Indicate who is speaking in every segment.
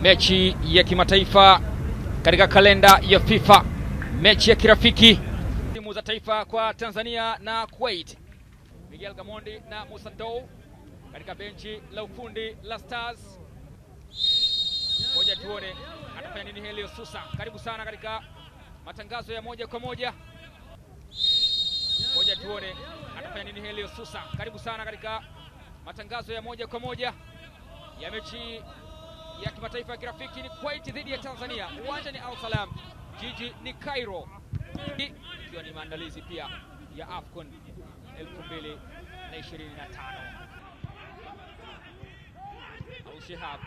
Speaker 1: mechi ya kimataifa katika kalenda ya FIFA, mechi ya kirafiki timu za taifa kwa Tanzania na Kuwait. Miguel Gamondi na Musa Dou katika benchi la ufundi la Stars. Ngoja tuone atafanya nini Helio Sousa. Karibu sana katika matangazo ya moja kwa moja. Ngoja tuone atafanya nini Helio Sousa. Karibu sana katika matangazo ya moja kwa moja ya mechi ya kimataifa ya kirafiki ni Kuwait dhidi ya Tanzania. Uwanja ni Al Salam, jiji ni Cairo, ikiwa ni maandalizi pia ya AFCON 2025. Al-Shihab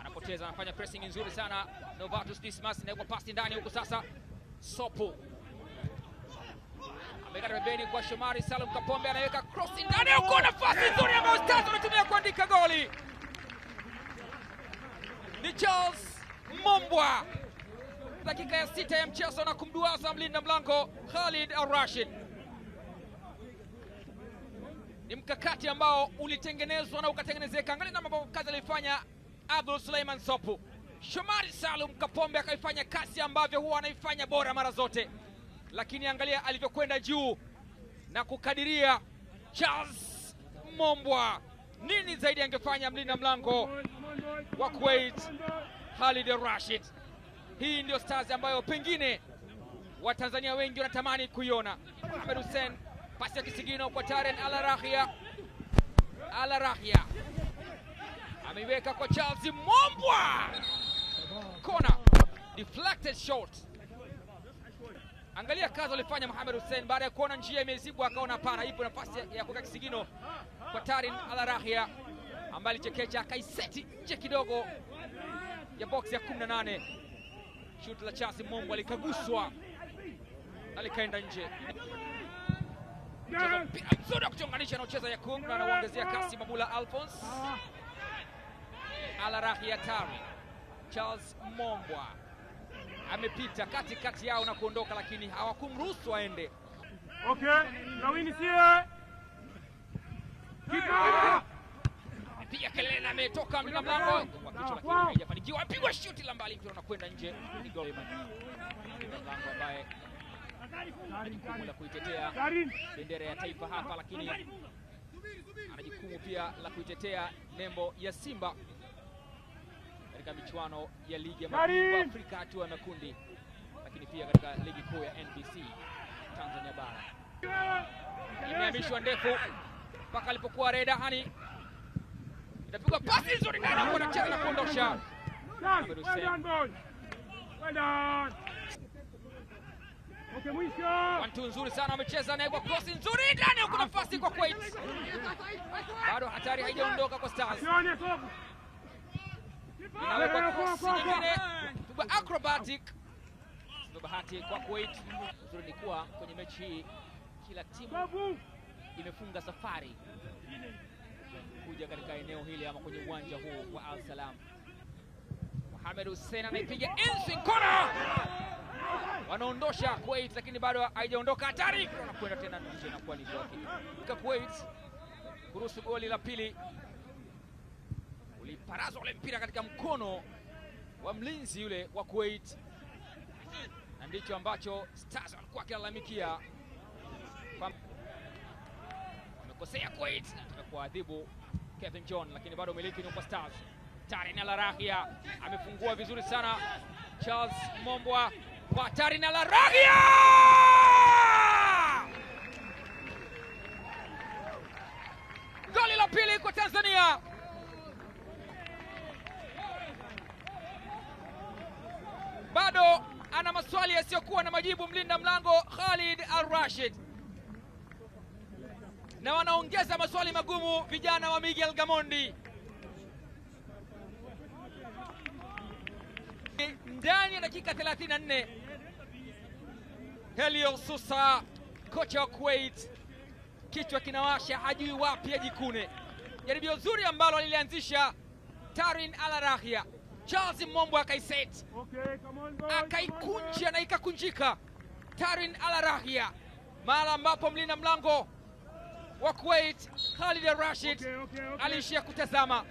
Speaker 1: anapoteza, anafanya pressing nzuri sana. Novatus Dismas inawekwa pasi ndani huko sasa, Sopo ameweka pembeni kwa Shomari Salum Kapombe, anaweka cross ndani huko, nafasi nzuri ya Stars anatumia kuandika goli ni Charles Mombwa, dakika ya sita ya mchezo na kumduaza mlinda mlango Khalid Arashid. Ni mkakati ambao ulitengenezwa na ukatengenezeka. Angalia namna ambavyo kazi alifanya Abdul Suleiman Sopu. Shomari Salum Kapombe akaifanya kazi ambavyo huwa anaifanya bora mara zote, lakini angalia alivyokwenda juu na kukadiria Charles Mombwa, nini zaidi angefanya mlinda mlango wa Kuwait Khalid Rashid. Hii ndio stars ambayo pengine Watanzania wengi wanatamani kuiona. Ahmed Hussein, pasi ya kisigino kwa Taren Alarahia. Alarahia ameiweka kwa Charles Mombwa, kona, deflected shot. Angalia kazi alifanya Mohamed Hussein baada ya kuona njia imezibwa, akaona pana, ipo nafasi ya kuweka kisigino kwa Taren Alarahia ambaye alichekecha akaiseti nje kidogo ya box ya 18. Shuti la Chasi Mombo alikaguswa na likaenda nje. Mpira mzuri wa kuchonganisha anaocheza Yakub na anaongezea kasi Mabula Alphonse Alarahi Atari Charles Mombwa amepita kati kati yao na kuondoka, lakini hawakumruhusu aende.
Speaker 2: Okay, nawini sie
Speaker 1: anapiga kelele ametoka mlinda mlango kwa kichwa lakini haijafanikiwa, apigwa shuti la mbali, mpira unakwenda nje. mlango ambaye jukumu la kuitetea bendera ya taifa hapa, lakini ana jukumu pia la kuitetea nembo ya Simba katika michuano ya ligi ya mabingwa Afrika hatua ya makundi, lakini pia katika ligi kuu ya NBC Tanzania bara. Imehamishwa ndefu mpaka alipokuwa Reda Hani Inapigwa pasi nzuri ndani hapo anacheza na kuondosha. Okay, mwisho. Wantu nzuri sana amecheza naye kwa cross nzuri ndani huko nafasi kwa Kuwait. Bado hatari haijaondoka kwa Stars. Inawekwa cross nyingine. Tuba acrobatic. Ndio bahati kwa Kuwait. Nzuri ni kuwa kwenye mechi hii kila timu imefunga safari kuja katika eneo hili ama kwenye uwanja huu wa Al Salam. Mohamed Hussein anaipiga enzi kona, wanaondosha Kuwait, lakini bado haijaondoka hatari, anakwenda tena nje na kuwa ni kwa Kuwait kuruhusu goli la pili. Uliparazwa ule mpira katika mkono wa mlinzi yule wa Kuwait, na ndicho ambacho Stars walikuwa wakilalamikia wamekosea Kuwait na tumekuwa adhibu Kevin John, lakini bado umiliki ni Stars. Tari na Larahia amefungua vizuri sana Charles Mombwa kwa na Larahia. goli la pili kwa Tanzania. Bado ana maswali yasiyokuwa na majibu mlinda mlango Khalid Al Rashid na wanaongeza maswali magumu vijana wa Miguel Gamondi ndani ya dakika 34. Helio Sousa, kocha wa Kuwait, kichwa kinawasha, hajui wapi ajikune. Jaribio zuri ambalo alilianzisha Tarin Alarahia, Charles Mombo akaiset, akaikunja na ikakunjika. Tarin Alarahia, mahala ambapo mlina mlango wa Kuwait Khalid Rashid okay, okay, okay. Aliishia kutazama,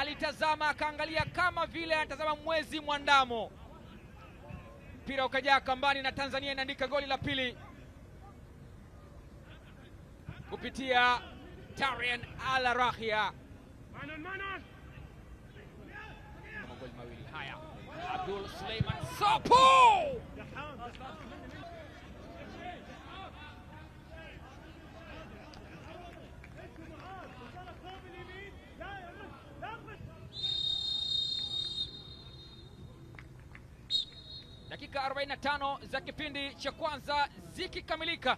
Speaker 1: alitazama akaangalia kama vile anatazama mwezi mwandamo, mpira ukajaa kambani na Tanzania inaandika goli la pili kupitia Tarian Al Magoli mawili haya, Abdul Suleiman Sopo dakika 45 za kipindi cha kwanza zikikamilika,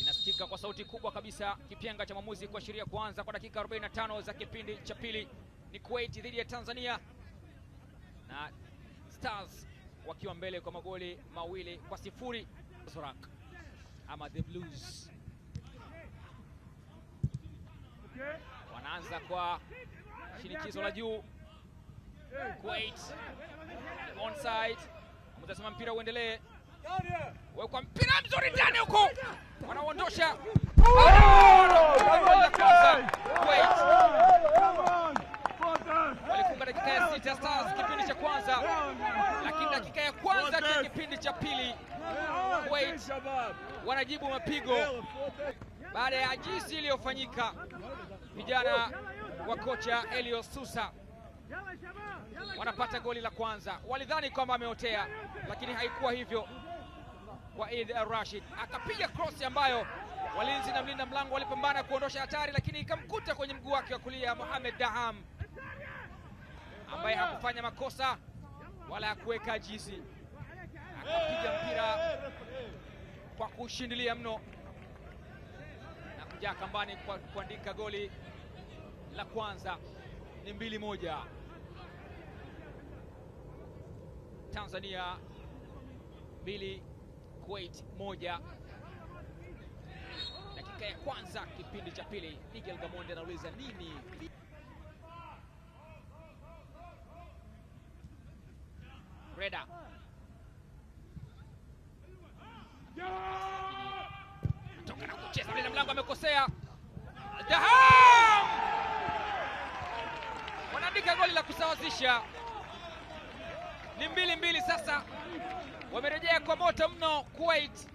Speaker 1: inasikika kwa sauti kubwa kabisa kipenga cha mwamuzi kuashiria kuanza kwa dakika 45 za kipindi cha pili. Ni Kuwait dhidi ya Tanzania na Stars wakiwa mbele kwa magoli mawili kwa sifuri. Zorak ama the Blues wanaanza kwa shinikizo la juu. Kuwait onside Mtazama mpira uendelee, wekwa mpira mzuri ndani huko, wanauondosha walifunga dakika ya sita Stars kipindi cha kwanza, lakini dakika ya kwanza kia kipindi cha pili Kuwait wanajibu mapigo baada ya ajizi iliyofanyika vijana wa kocha Elio Susa wanapata goli la kwanza. Walidhani kwamba ameotea, lakini haikuwa hivyo. kwa Waid Rashid akapiga krosi ambayo walinzi na mlinda mlango walipambana kuondosha hatari, lakini ikamkuta kwenye mguu wake wa kulia Mohamed Daham ambaye hakufanya makosa wala hakuweka kuweka ajizi, akapiga mpira kwa kushindilia mno na kujaa kambani kuandika goli la kwanza. Ni mbili moja. Tanzania mbili Kuwait moja. Dakika ya kwanza kipindi cha pili, Miguel Gamonde anauliza nini? Reda toka na kucheza bila mlango, amekosea Daham, wanaandika goli la kusawazisha ni mbili mbili sasa, wamerejea kwa moto mno Kuwait,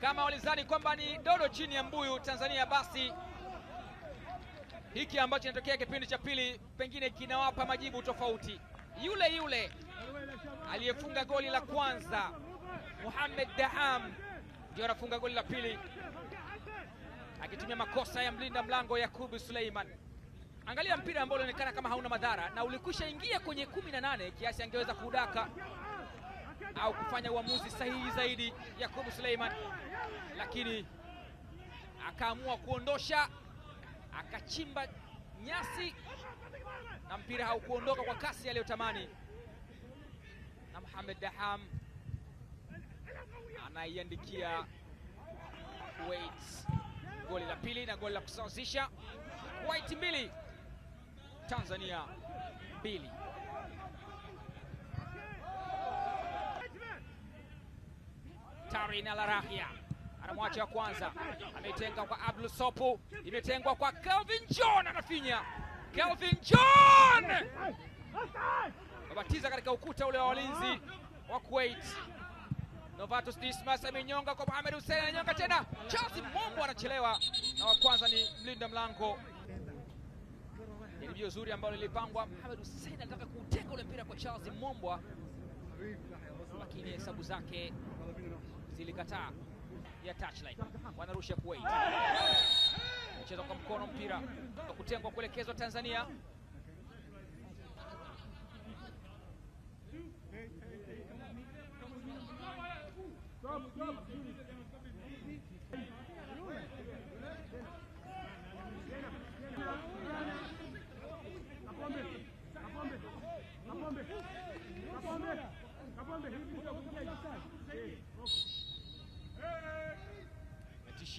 Speaker 1: kama walizani kwamba ni dodo chini ya mbuyu Tanzania, basi hiki ambacho kinatokea kipindi cha pili pengine kinawapa majibu tofauti. Yule yule aliyefunga goli la kwanza Muhammad Daam ndio anafunga goli la pili akitumia makosa ya mlinda mlango Yakubu Suleiman. Angalia mpira ambao ulionekana kama hauna madhara na ulikwisha ingia kwenye kumi na nane kiasi angeweza kudaka au kufanya uamuzi sahihi zaidi Yakubu Suleiman, lakini akaamua kuondosha, akachimba nyasi na mpira haukuondoka kwa kasi aliyotamani, na Mohamed Daham anaiandikia Kuwait goli la pili na goli la kusawazisha Kuwait mbili Tanzania mbili. Tarina Larahia anamwacha wa kwanza, ametenga kwa Abdul Sopu, imetengwa kwa Kelvin John, anafinya Kelvin John mabatiza katika ukuta ule wa walinzi wa Kuwait. Novatus Dismas amenyonga kwa Mohamed Hussein, ananyonga tena. Charles Mombo anachelewa, na wa kwanza ni mlinda mlango Jaribio zuri ambalo lilipangwa, Mohamed Hussein anataka kuuteka ule mpira kwa Charles Mombwa, lakini hesabu zake zilikataa ya touchline. Wanarusha Kuwait, mchezo kwa mkono, mpira kutengwa, kuelekezwa Tanzania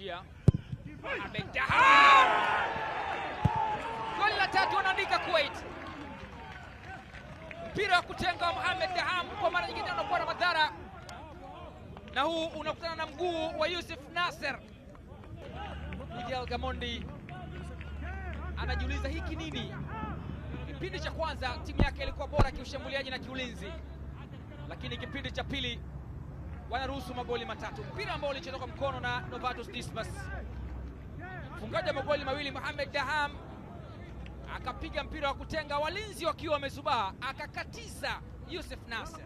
Speaker 1: kumrudishia, amedahau goli la tatu, wanaandika Kuwait. Mpira wa kutenga wa Mohamed Daham kwa mara nyingine unakuwa na madhara, na huu unakutana na mguu wa Yusuf Nasser. Miguel Gamondi anajiuliza hiki nini? Kipindi cha kwanza timu yake ilikuwa bora kiushambuliaji na kiulinzi, lakini kipindi cha pili wanaruhusu magoli matatu. Mpira ambao ulichezwa kwa mkono na Novatus Dismas, mfungaji wa magoli mawili Mohamed Daham akapiga mpira wa kutenga, walinzi wakiwa wamezubaa, akakatiza Yusuf Nasser.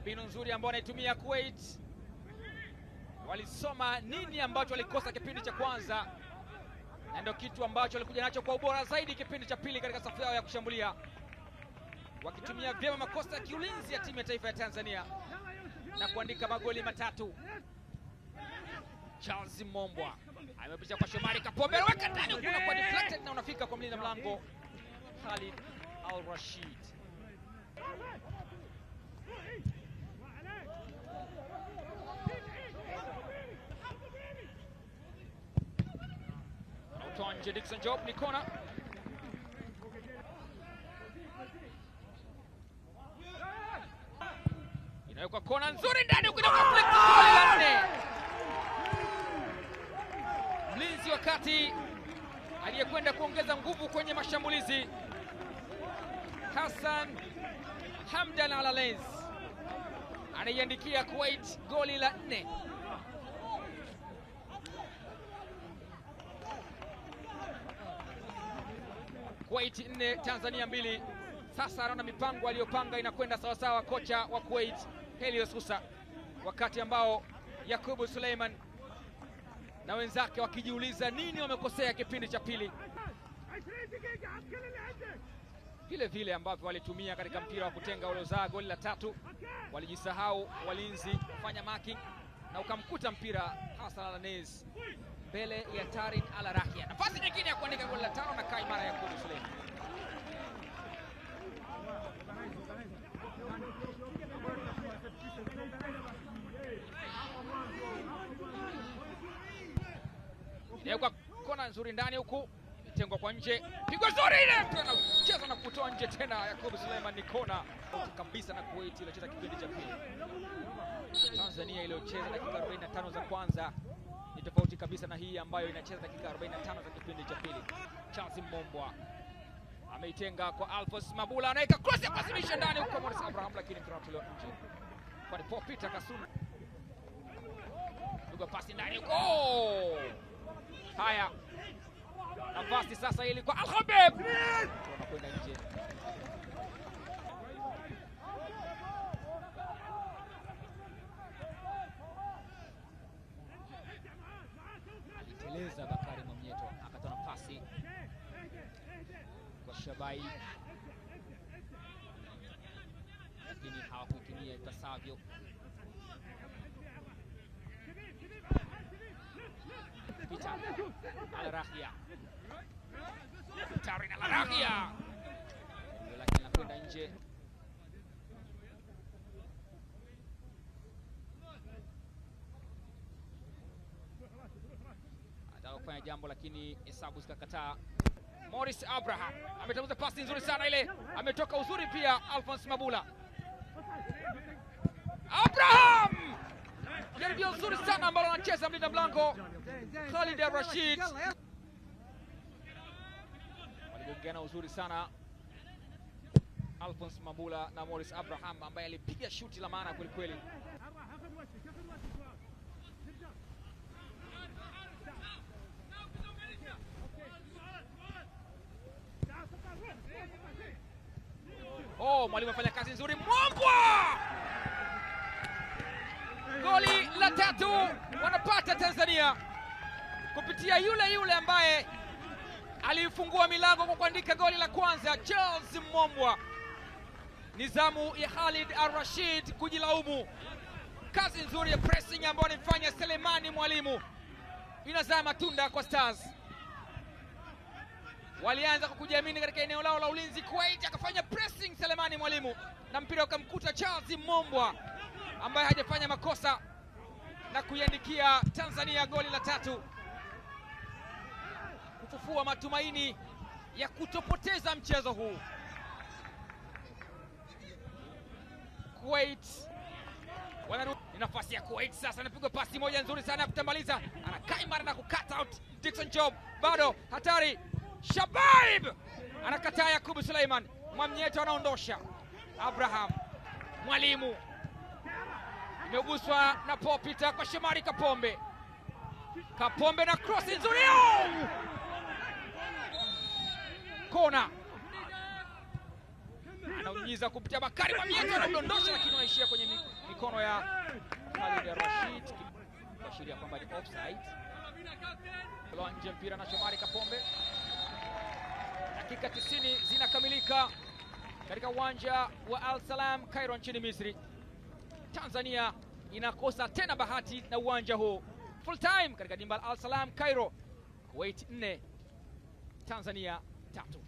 Speaker 1: Mbinu nzuri ambayo anaitumia Kuwait, walisoma nini ambacho walikosa kipindi cha kwanza, na ndio kitu ambacho walikuja nacho kwa ubora zaidi kipindi cha pili katika safu yao ya kushambulia wakitumia vyema makosa ya kiulinzi ya timu ya taifa ya Tanzania na kuandika magoli matatu. Charles Mombwa amepisha kwa Shomari Kapombe, weka ndani, unakuwa deflected na unafika kwa mlinda mlango Khalid Al Rashid. Anton Dixon Job ni kona inawekwa kona nzuri ndani, kwa nne. Mlinzi wa kati aliyekwenda kuongeza nguvu kwenye mashambulizi Hassan Hamdan Alalens anaiandikia Kuwait goli la nne. Kuwait nne Tanzania mbili. Sasa anaona mipango aliyopanga inakwenda sawasawa, kocha wa Kuwait Helios Musa, wakati ambao Yakubu Suleiman na wenzake wakijiuliza nini wamekosea kipindi cha pili, vile vile ambavyo walitumia katika mpira wa kutenga uliozaa goli la tatu. Walijisahau walinzi kufanya marking na ukamkuta mpira Hassan Alanes mbele ya Tarin Alarakia. nzuri ndani huku imetengwa kwa nje, pigwa zuri ile, mtu anacheza na kutoa nje tena. Yakub Suleiman ni kona kabisa na Kuwait iliyocheza kipindi cha pili. Tanzania iliyocheza dakika 45 za kwanza ni tofauti kabisa na hii ambayo inacheza dakika 45 za kipindi cha pili. Charles Mbombwa ameitenga kwa Alphonse Mabula, anaweka cross ya pasimisha ndani huko Morris Abraham, lakini tunatolewa nje, kwa Paul Peter Kasum pasi ndani huko Haya, nafasi sasa ili kwa al anakwenda nje. Aliteleza Bakari Mwamnyeto akatoa nafasi kwa Shabai, lakini hawakuitumia ipasavyo. picha Alrahia Tarin Alrahia hilo lake linakwenda nje anataka kufanya jambo lakini hesabu zikakataa Morris Abraham ametambuza pasi nzuri sana ile, ametoka uzuri pia Alphonse Mabula Abraham jaribio zuri sana ambalo anacheza mlinda mlango Khalid Rashid, waligongeana uzuri sana Alphonse Mabula na Morris Abraham ambaye alipiga shuti la maana kwelikweli. Oh, mwalimu afanya kazi nzuri Mwamba. tatu wanapata Tanzania kupitia yule yule ambaye aliifungua milango kwa kuandika goli la kwanza, Charles Mombwa. Nizamu ya Khalid Al-Rashid kujilaumu. Kazi nzuri ya pressing ambayo anaifanya Selemani Mwalimu inazaa matunda kwa Stars. Walianza kwa kujiamini katika eneo lao la ulinzi. Kuwait akafanya pressing Selemani Mwalimu na mpira ukamkuta Charles Mombwa ambaye hajafanya makosa na kuiandikia Tanzania goli la tatu, kufufua matumaini ya kutopoteza mchezo huu. Kuwait Wanaru... ni nafasi ya Kuwait sasa, anapigwa pasi moja nzuri sana ya kutambaliza, anakaa imara na kukata out. Dickson Job bado hatari, Shabaib anakataa. Yakubu Suleiman Mwamnyeto anaondosha Abraham Mwalimu imeguswa na popita kwa Shomari Kapombe. Kapombe na krosi nzuri, kona anaunyiza kupitia Bakari Mwamyete, anamdondosha lakini anaishia kwenye mikono ya Khalid Rashid, kuashiria kwamba ni offside. Nje mpira na Shomari Kapombe. Dakika 90 zinakamilika katika uwanja wa Al Salam Cairo nchini Misri. Tanzania inakosa tena bahati na uwanja huu. Full time katika dimba la Al Salam Cairo, Kuwait 4 Tanzania tatu.